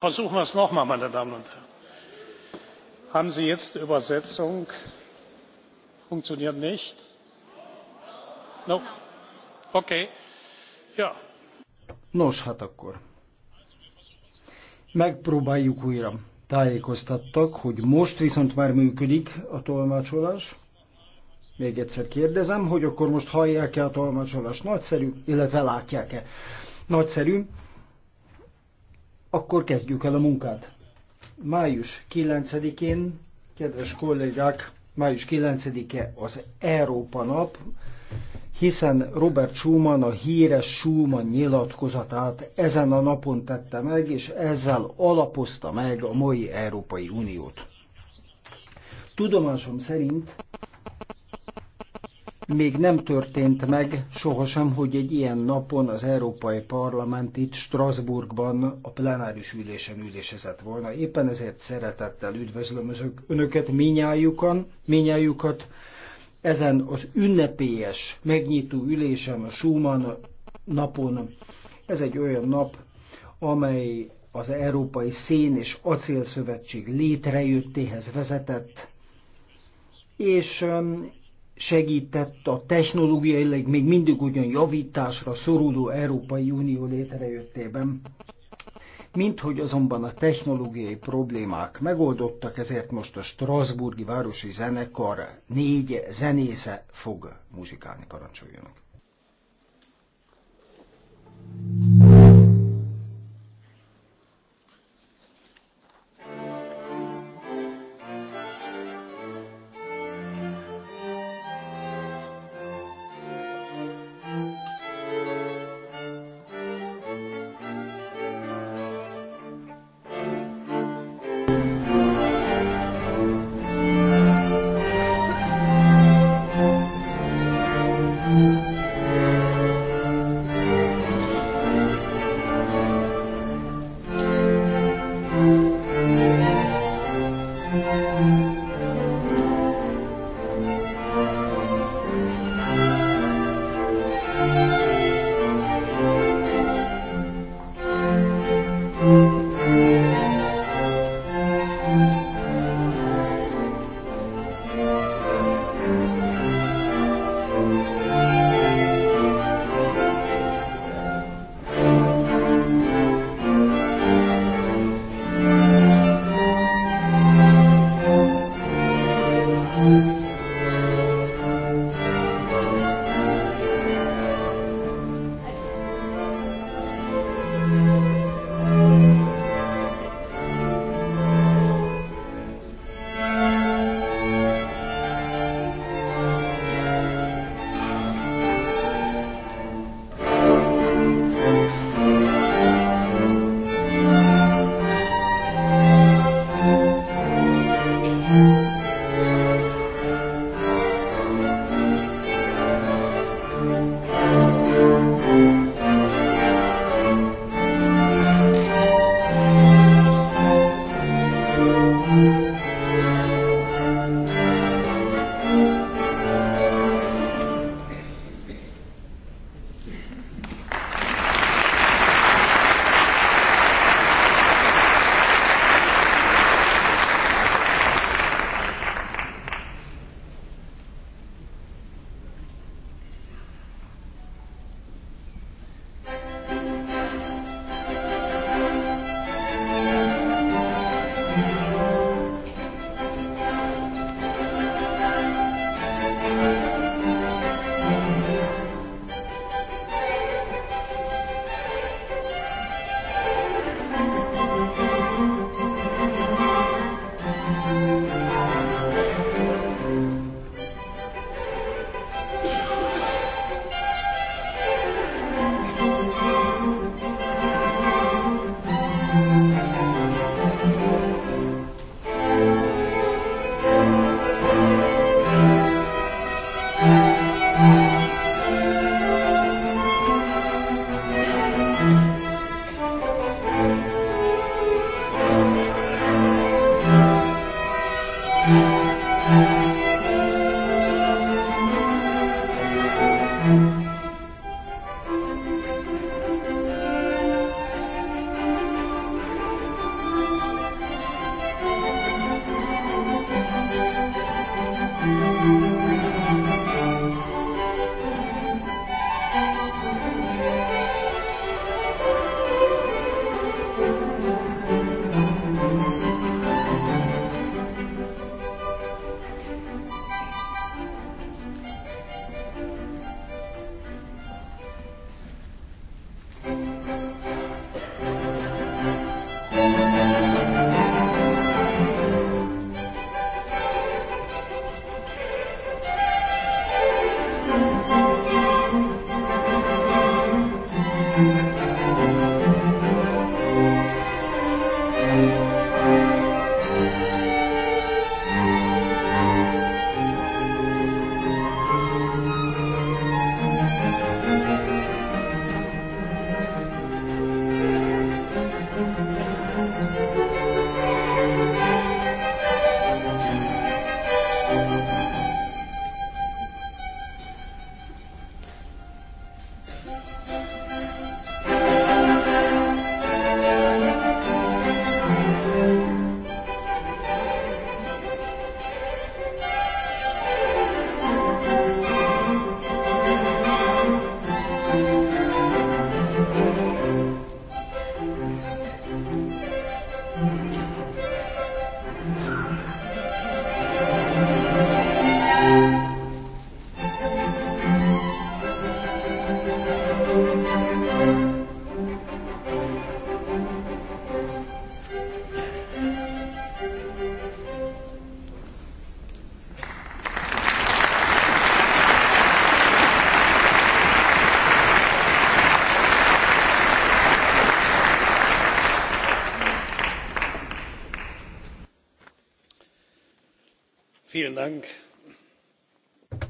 versuchen wir es noch einmal meine damen und herren! haben sie jetzt übersetzung? funktioniert nicht? okay. nos hát akkor megpróbáljuk újra. Tájékoztattak, hogy most viszont már működik a tolmácsolás. Még egyszer kérdezem, hogy akkor most hallják-e a tolmácsolást? Nagyszerű, illetve látják-e? Nagyszerű. Akkor kezdjük el a munkát. Május 9-én, kedves kollégák, május 9-e az Európa nap, hiszen Robert Schumann a híres Schumann nyilatkozatát ezen a napon tette meg, és ezzel alapozta meg a mai Európai Uniót. Tudomásom szerint még nem történt meg sohasem, hogy egy ilyen napon az Európai Parlament itt Strasbourgban a plenáris ülésen ülésezett volna. Éppen ezért szeretettel üdvözlöm önöket, minnyájukan, minnyájukat. Ezen az ünnepélyes megnyitó ülésen a Schumann napon. Ez egy olyan nap, amely az Európai Szén és Acélszövetség létrejöttéhez vezetett, és um, segített a technológiailag még mindig ugyan javításra szoruló Európai Unió létrejöttében. Mint hogy azonban a technológiai problémák megoldottak, ezért most a Strasburgi Városi Zenekar négy zenésze fog muzsikálni, parancsoljanak. thank you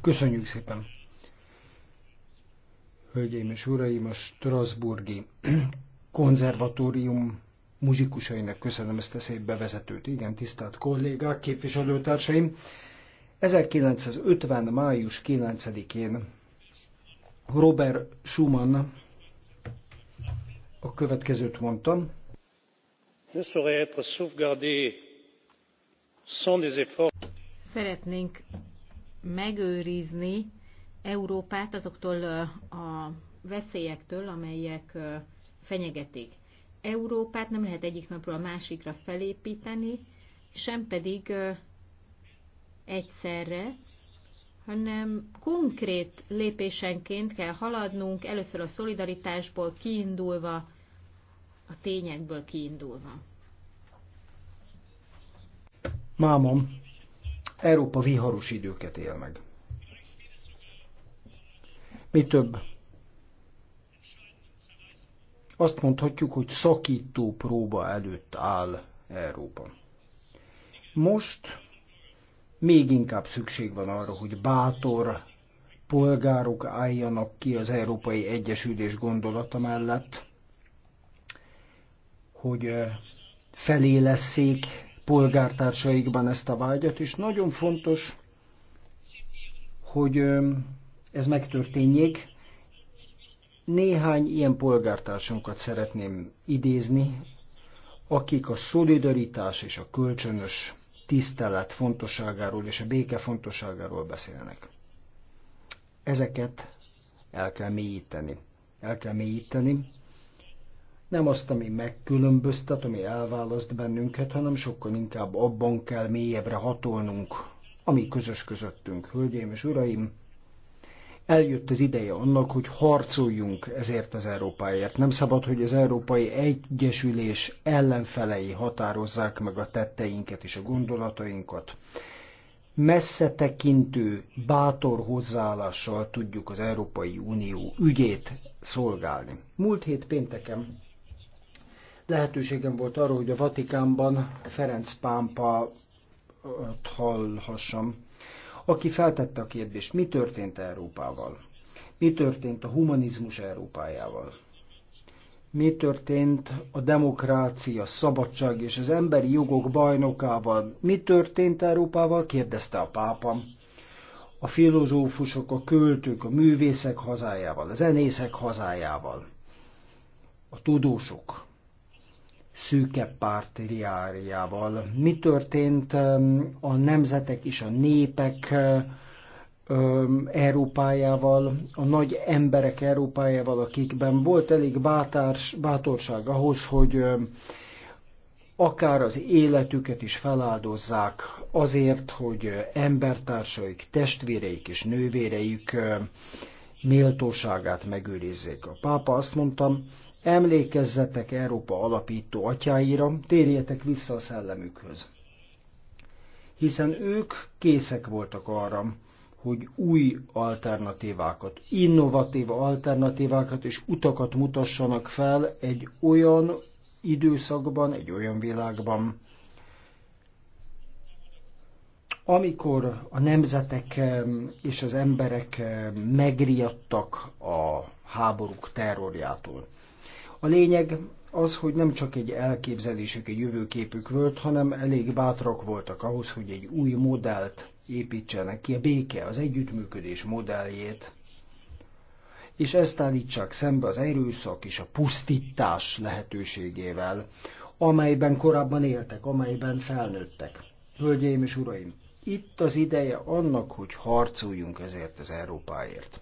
Köszönjük szépen! Hölgyeim és Uraim, a Strasburgi konzervatórium muzsikusainak köszönöm ezt a szép bevezetőt. Igen, tisztelt kollégák, képviselőtársaim! 1950. május 9-én Robert Schumann a következőt mondta. Ne saurait être sauvegardé sans des efforts szeretnénk megőrizni Európát azoktól a veszélyektől, amelyek fenyegetik. Európát nem lehet egyik napról a másikra felépíteni, sem pedig egyszerre, hanem konkrét lépésenként kell haladnunk, először a szolidaritásból kiindulva, a tényekből kiindulva. Mámom Európa viharos időket él meg. Mi több, azt mondhatjuk, hogy szakító próba előtt áll Európa. Most még inkább szükség van arra, hogy bátor polgárok álljanak ki az Európai Egyesülés gondolata mellett, hogy felélesszék polgártársaikban ezt a vágyat, és nagyon fontos, hogy ez megtörténjék. Néhány ilyen polgártársunkat szeretném idézni, akik a szolidaritás és a kölcsönös tisztelet fontosságáról és a béke fontosságáról beszélnek. Ezeket el kell mélyíteni. El kell mélyíteni, nem azt, ami megkülönböztet, ami elválaszt bennünket, hanem sokkal inkább abban kell mélyebbre hatolnunk, ami közös közöttünk. Hölgyeim és uraim, eljött az ideje annak, hogy harcoljunk ezért az Európáért. Nem szabad, hogy az Európai Egyesülés ellenfelei határozzák meg a tetteinket és a gondolatainkat. Messze tekintő, bátor hozzáállással tudjuk az Európai Unió ügyét szolgálni. Múlt hét pénteken lehetőségem volt arra, hogy a Vatikánban Ferenc pápa hallhassam, aki feltette a kérdést, mi történt Európával? Mi történt a humanizmus Európájával? Mi történt a demokrácia, szabadság és az emberi jogok bajnokával? Mi történt Európával? kérdezte a pápa. A filozófusok, a költők, a művészek hazájával, a zenészek hazájával, a tudósok, szűke pártériáriával. Mi történt a nemzetek és a népek Európájával, a nagy emberek Európájával, akikben volt elég bátárs, bátorság ahhoz, hogy akár az életüket is feláldozzák azért, hogy embertársaik, testvéreik és nővéreik méltóságát megőrizzék. A pápa azt mondta, Emlékezzetek Európa alapító atyáira, térjetek vissza a szellemükhöz. Hiszen ők készek voltak arra, hogy új alternatívákat, innovatív alternatívákat és utakat mutassanak fel egy olyan időszakban, egy olyan világban, amikor a nemzetek és az emberek megriadtak a háborúk terrorjától. A lényeg az, hogy nem csak egy elképzelésük, egy jövőképük volt, hanem elég bátrak voltak ahhoz, hogy egy új modellt építsenek ki, a béke, az együttműködés modelljét, és ezt állítsák szembe az erőszak és a pusztítás lehetőségével, amelyben korábban éltek, amelyben felnőttek. Hölgyeim és uraim, itt az ideje annak, hogy harcoljunk ezért az Európáért.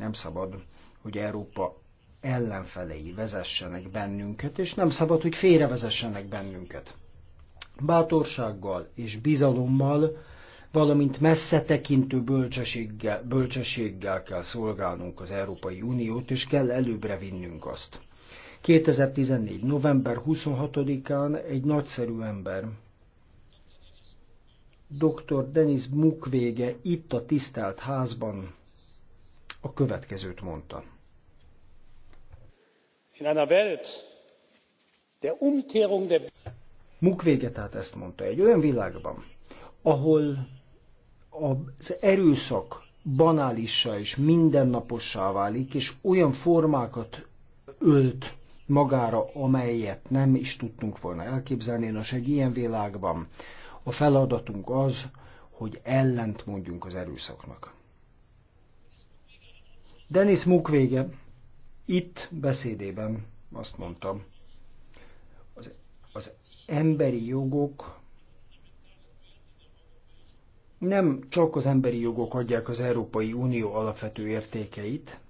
Nem szabad, hogy Európa ellenfelei vezessenek bennünket, és nem szabad, hogy félrevezessenek bennünket. Bátorsággal és bizalommal, valamint messze tekintő bölcsességgel, bölcsességgel kell szolgálnunk az Európai Uniót, és kell előbbre vinnünk azt. 2014. november 26-án egy nagyszerű ember, dr. Denis Mukwege itt a tisztelt házban a következőt mondta. In einer Welt der Umkehrung der tehát ezt mondta, egy olyan világban, ahol az erőszak banálissá és mindennapossá válik, és olyan formákat ölt magára, amelyet nem is tudtunk volna elképzelni. Nos, egy ilyen világban a feladatunk az, hogy ellent mondjunk az erőszaknak. Denis Mukwege itt beszédében azt mondtam, az, az emberi jogok nem csak az emberi jogok adják az Európai Unió alapvető értékeit,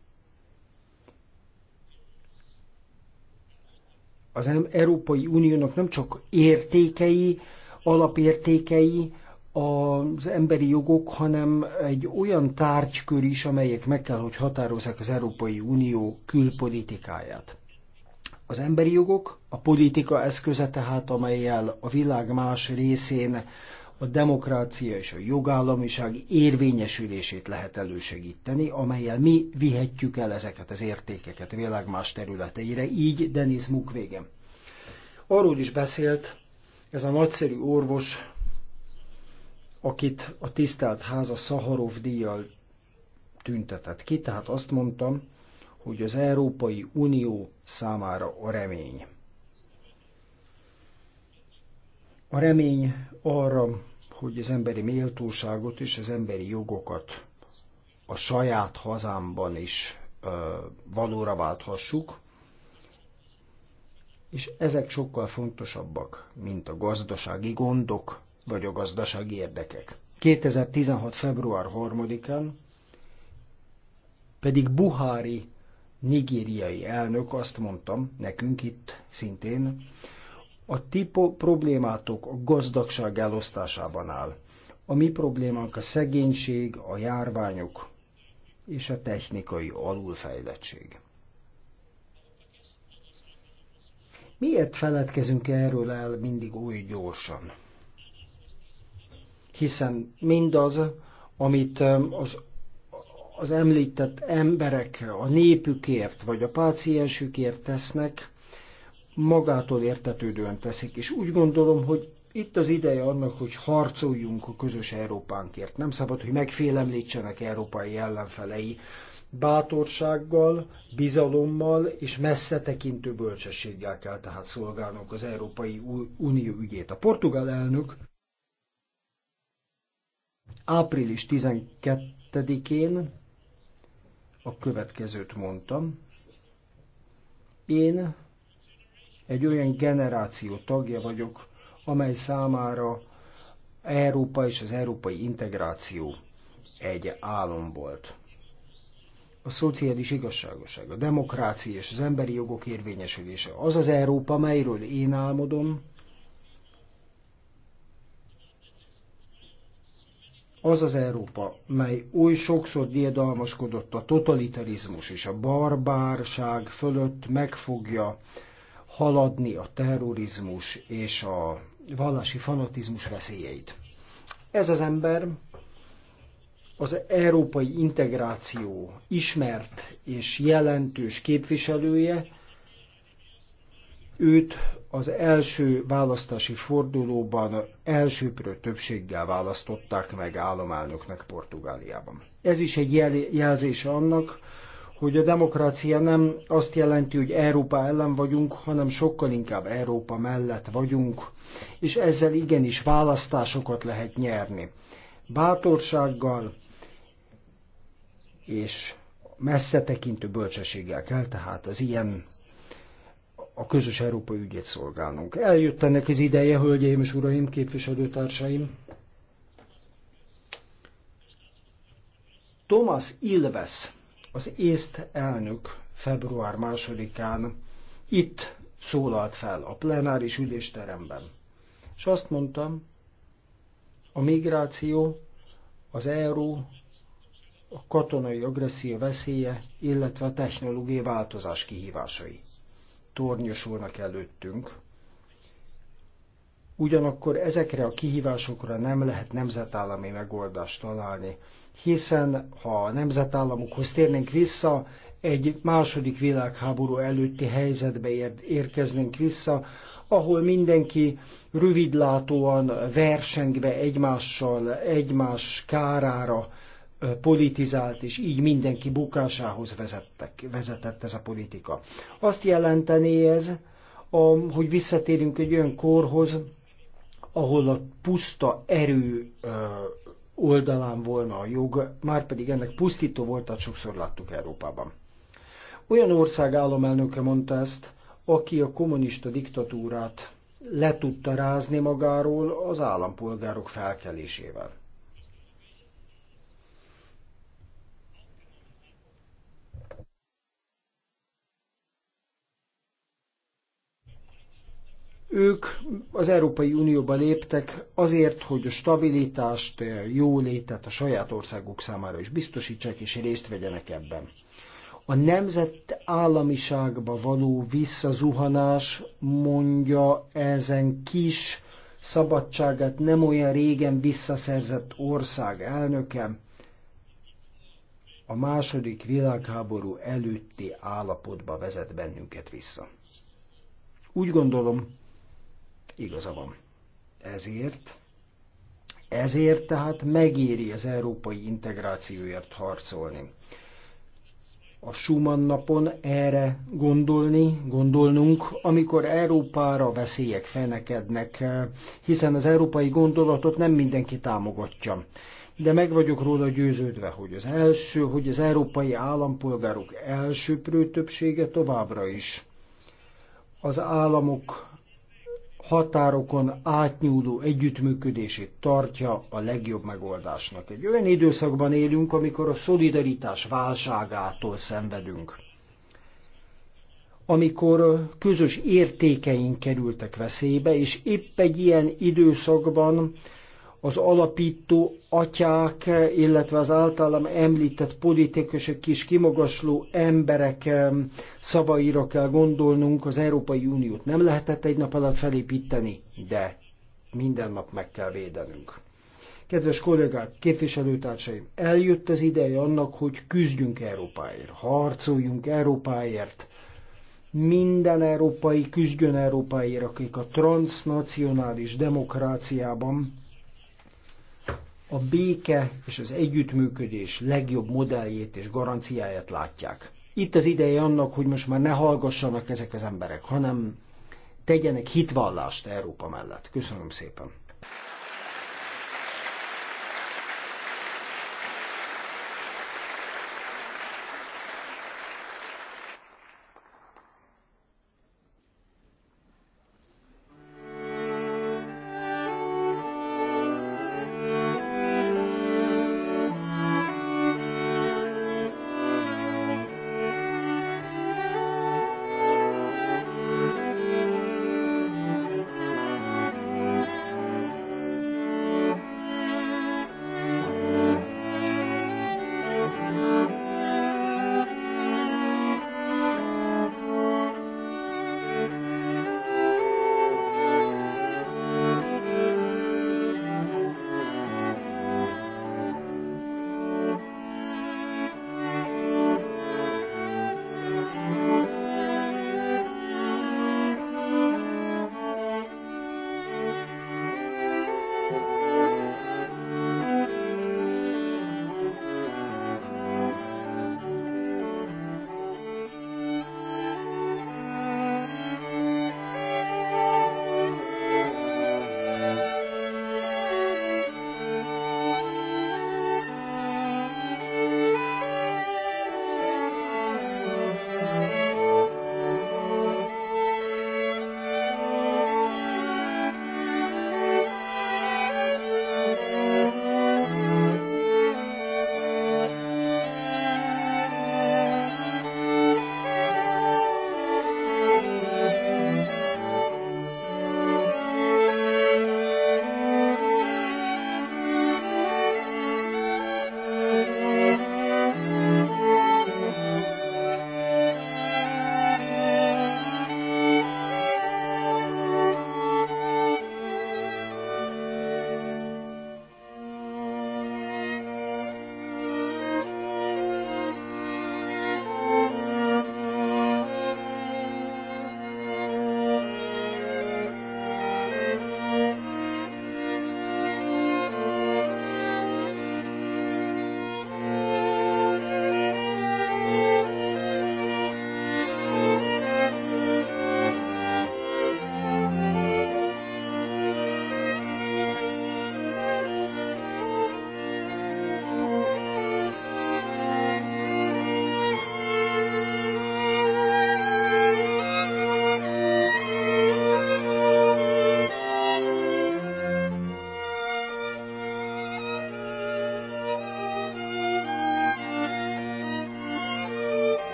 az Európai Uniónak nem csak értékei, alapértékei, az emberi jogok, hanem egy olyan tárgykör is, amelyek meg kell, hogy határozzák az Európai Unió külpolitikáját. Az emberi jogok a politika eszköze tehát, amelyel a világ más részén a demokrácia és a jogállamiság érvényesülését lehet elősegíteni, amelyel mi vihetjük el ezeket az értékeket a világ más területeire, így Denis Mukwege. Arról is beszélt ez a nagyszerű orvos, akit a tisztelt háza Szaharov díjjal tüntetett ki, tehát azt mondtam, hogy az Európai Unió számára a remény. A remény arra, hogy az emberi méltóságot és az emberi jogokat a saját hazámban is ö, valóra válthassuk, és ezek sokkal fontosabbak, mint a gazdasági gondok, vagy a gazdasági érdekek. 2016. február 3-án pedig Buhári nigériai elnök azt mondtam nekünk itt szintén, a tipo problémátok a gazdagság elosztásában áll. A mi problémánk a szegénység, a járványok és a technikai alulfejlettség. Miért feledkezünk erről el mindig oly gyorsan? hiszen mindaz, amit az, az említett emberek a népükért vagy a páciensükért tesznek, magától értetődően teszik. És úgy gondolom, hogy itt az ideje annak, hogy harcoljunk a közös Európánkért. Nem szabad, hogy megfélemlítsenek európai ellenfelei. Bátorsággal, bizalommal és messze tekintő bölcsességgel kell tehát szolgálnunk az Európai Unió ügyét. A portugál elnök Április 12-én a következőt mondtam. Én egy olyan generáció tagja vagyok, amely számára Európa és az európai integráció egy álom volt. A szociális igazságoság, a demokrácia és az emberi jogok érvényesülése az az Európa, melyről én álmodom, az az Európa, mely oly sokszor diadalmaskodott a totalitarizmus és a barbárság fölött meg fogja haladni a terrorizmus és a vallási fanatizmus veszélyeit. Ez az ember az európai integráció ismert és jelentős képviselője, Őt az első választási fordulóban elsőprő többséggel választották meg államelnöknek Portugáliában. Ez is egy jel jelzés annak, hogy a demokrácia nem azt jelenti, hogy Európa ellen vagyunk, hanem sokkal inkább Európa mellett vagyunk, és ezzel igenis választásokat lehet nyerni. Bátorsággal és messzetekintő bölcsességgel kell tehát az ilyen a közös európai ügyét szolgálnunk. Eljött ennek az ideje, hölgyeim és uraim, képviselőtársaim. Thomas Ilves, az észt elnök február másodikán itt szólalt fel a plenáris ülésteremben. És azt mondtam, a migráció, az euró, a katonai agresszió veszélye, illetve a technológiai változás kihívásai tornyosulnak előttünk. Ugyanakkor ezekre a kihívásokra nem lehet nemzetállami megoldást találni, hiszen ha a nemzetállamokhoz térnénk vissza, egy második világháború előtti helyzetbe érkeznénk vissza, ahol mindenki rövidlátóan versengve egymással, egymás kárára politizált, és így mindenki bukásához vezettek, vezetett ez a politika. Azt jelenteni ez, hogy visszatérünk egy olyan korhoz, ahol a puszta erő oldalán volna a jog, már pedig ennek pusztító volt, tehát sokszor láttuk Európában. Olyan ország államelnöke mondta ezt, aki a kommunista diktatúrát le tudta rázni magáról az állampolgárok felkelésével. Ők az Európai Unióba léptek azért, hogy a stabilitást, jó létet a saját országuk számára is biztosítsák és részt vegyenek ebben. A nemzetállamiságba való visszazuhanás mondja ezen kis szabadságát nem olyan régen visszaszerzett ország elnöke, a második világháború előtti állapotba vezet bennünket vissza. Úgy gondolom, igaza van. Ezért, ezért tehát megéri az európai integrációért harcolni. A Schumann napon erre gondolni, gondolnunk, amikor Európára veszélyek fenekednek, hiszen az európai gondolatot nem mindenki támogatja de meg vagyok róla győződve, hogy az első, hogy az európai állampolgárok elsőprő többsége továbbra is az államok határokon átnyúló együttműködését tartja a legjobb megoldásnak. Egy olyan időszakban élünk, amikor a szolidaritás válságától szenvedünk. Amikor közös értékeink kerültek veszélybe, és épp egy ilyen időszakban az alapító atyák, illetve az általam említett politikusok kis kimagasló emberek szavaira kell gondolnunk, az Európai Uniót nem lehetett egy nap alatt felépíteni, de minden nap meg kell védenünk. Kedves kollégák, képviselőtársaim, eljött az ideje annak, hogy küzdjünk Európáért, harcoljunk Európáért, minden európai küzdjön Európáért, akik a transnacionális demokráciában a béke és az együttműködés legjobb modelljét és garanciáját látják. Itt az ideje annak, hogy most már ne hallgassanak ezek az emberek, hanem tegyenek hitvallást Európa mellett. Köszönöm szépen.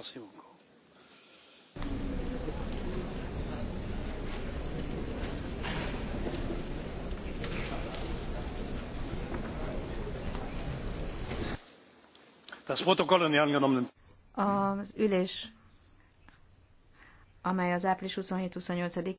Merci beaucoup. Az ülés, amely az április 27 28